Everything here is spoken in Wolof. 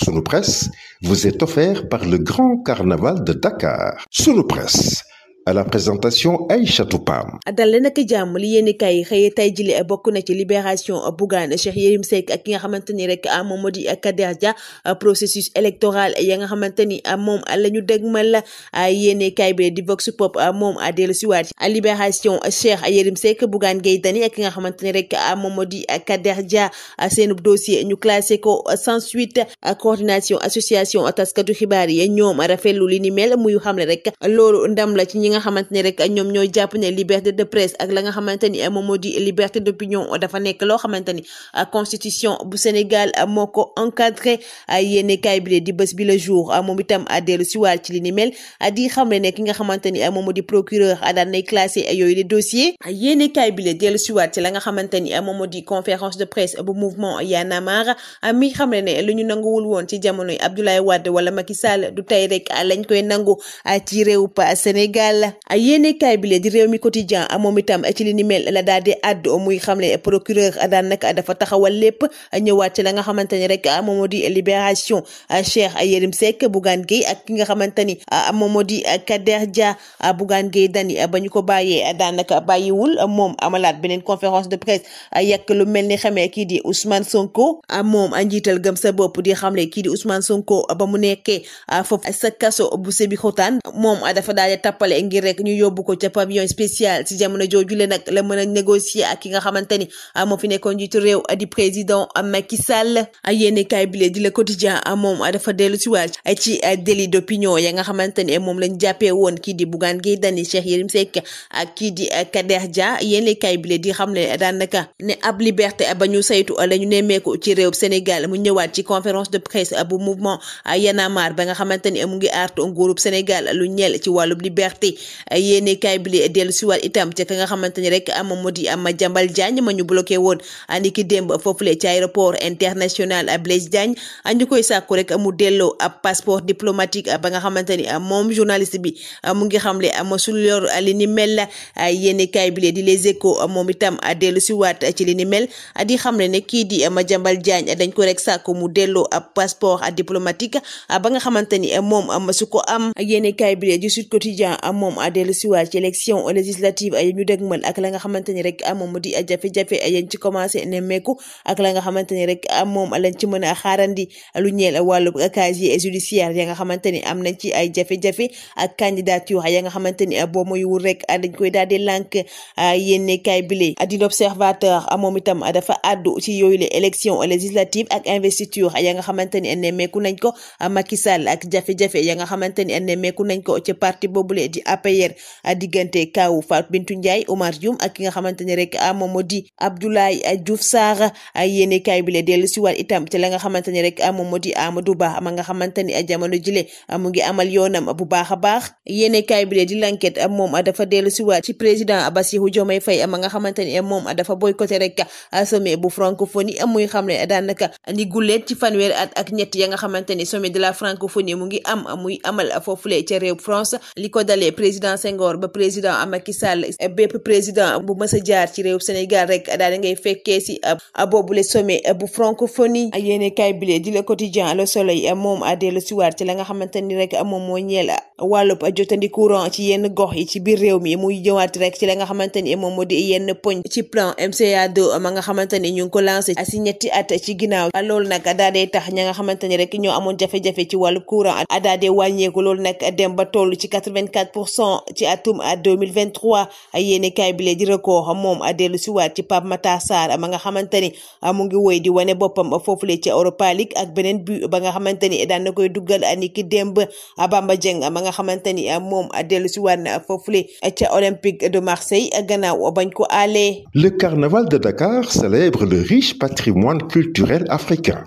Sunu Presse vous est offert par le Grand Carnaval de Dakar. Sunu Presse à la présentation Aïcha Toupam. dalee nag jàmm li yéen kay yi xëy tay jile bokk na ci libération Bougane Cheikh Yérim Seck ak ki nga xamante ni rek a ah, moo di Kader Dia ah, processus électoral ya nga xamante ni ah, moom la ñu dégmal yéen kay bi di Vox Pop moom dellu si waat libération Cheikh Yérim Seck Bougane Gueye Dany ak ki nga xamante ni rek moom moo di Kader Dia seen dossier ñu classé ko sans suite coordination association taskatu xibaar yi ñoom rafetlu li ni mel muy xamle rek loolu ndam la ci ñi nga xamante ne rek ñoom ñooy jàpp ne liberté de presse ak la nga xamante ni moom moo di liberté d'opinion moom di xamle ne ki nga xamante yooyu les dossiers yéene kaay bi dellu siwaat ci la nga xamante ni moom moo di conférence de presse bu mouvement Y'en a marre mi xamle ne lu ñu nanguwul woon ci jamonoy Abdoulaye Wade wala Macky Sall du tey rek lañ koy nangu ci réew pa Sénégal mel yéenekaay bi lee di réew mi quotidien moom itam ci li ni mel la daal di àddu muy xamle procureur daan nag dafa taxawal lépp ñëwaat ci la nga xamante ni rek moom moo di libération Cheikh Yérim Seck Bougane Gueye ak ki nga xamante ni moom moo di Kader Dia Bougane Gueye Dany ba ñu ko bàyyee daan nag bàyyiwul moom amalaat beneen conférence de a yàq lu mel ni xamee kii di Ousmane Sonko moom njiital gëm sa bopp di xamle kii di Ousmane Sonko ba mu nekkee foofu sa kaso bu Sébikotane moom dafa daal tappale ngir rek ñu yóbbu ko ca pavillon spécial si jamono jooju nag la mën a négocier ak ki nga xamante ni ah, moo fi nekkoon njiitu réew di président Macky Sall ah, yéene ah, jàppee woon kii di Bougane Gueye Dany Cheikh Yérim Seck ak kii di Kader Dia yéene kaay bile di xam ne daanaka ne ab liberté ba ñu saytu la ñu nemmeeku ci réew Sénégal mu ñëwaat ci conférence de presse bu mouvement Yanamar ba nga xamante ni ngi artu nguurub Sénégal lu ñeel ci wàllub liberté yéene kaay bi li dellu siwaat itam ca ka nga xamante ni rek am moo di am Madiambal Diagne ma ñu bloqué woon ni ki ci mu delloo ab passeport diplomatique ba nga xamante ni moom journaliste bi mu ngi xamle mosul yor li ni mel yéene kaay bi li di les échos moom itam dellu siwaat ci li ni mel di xamle ne kii di Madiambal Diagne dañ ko rek sàkku mu delloo ab passeport diplomatique ba nga xamante ni moom mosu ko am yéene kaay bi di Sud Quotidien moom moom dellu siwaat ci élection législative a ñu dégmal ak la nga xamante ni rek moom a jafe-jafe yéen ci commencé a ak la nga xamante ni rek a lañ ci a xaarandi lu ñeel wàllu casier judiciaire a nga xamante a am nañ ci ay a jafe ak candidature ya nga xamante ni boo moywul rek dañ koy daal di lànk yénne kay bile di l'observateur moom itam dafa àddu ci yooyu les élection législative ak investiture ya nga xamante ko Macky Sall ak jafe-jafe ya nga xamante ni nemmeeku nañ ko ci parti APR diggante kaw Fatou Bintou Ndiaye Omar Dioum ak nga xamante ne rek ah, moom moo di Abdoulaye Diouf Sarr yéene kaay bi la dellu si waat itam ci la nga xamante ne rek ah, moom moo di Amadou Ba ma nga xamante ni ah, jamono jile mu ngi amal yoonam bu baax a baax yéene kaay bi la di l'enquête moom dafa dellu si waat ci président Bassirou Diomaye Faye ma nga xamante ni moom dafa boycotté rek sommet bu francophonie muy xam ne daanaka ni guleet ci fanweeri at ak ñett ya nga xamante ni sommet de la francophonie mu ngi am muy président Senghor ba président Macky Sall bépp président bu mës a jaar ci réew Sénégal rek a di ngay fekkee si boobule sommet bu francophonie yéene kaay bile di quotidien le loolu nag daal dee tax ña nga xamante ni ñoo amoon jafe-jafe ci wàllu courant daal dee wàññeeku loolu nag dem ba toll ci cent ci atum 2023 yéenekaay bi lee di record moom dellu si waat ci Pape Matar Sarr ma nga xamante ni mu ngi woy di wane boppam foofule ci Europa League ak beneen but ba nga xamante ni daan na koy duggal ni ki démb Bamba Dieng ma nga xamante ni moom dellu si waat na foofule ca Olympique de Marseille gannaaw bañ ko aalee. Le carnaval de Dakar célèbre le riche patrimoine culturel africain.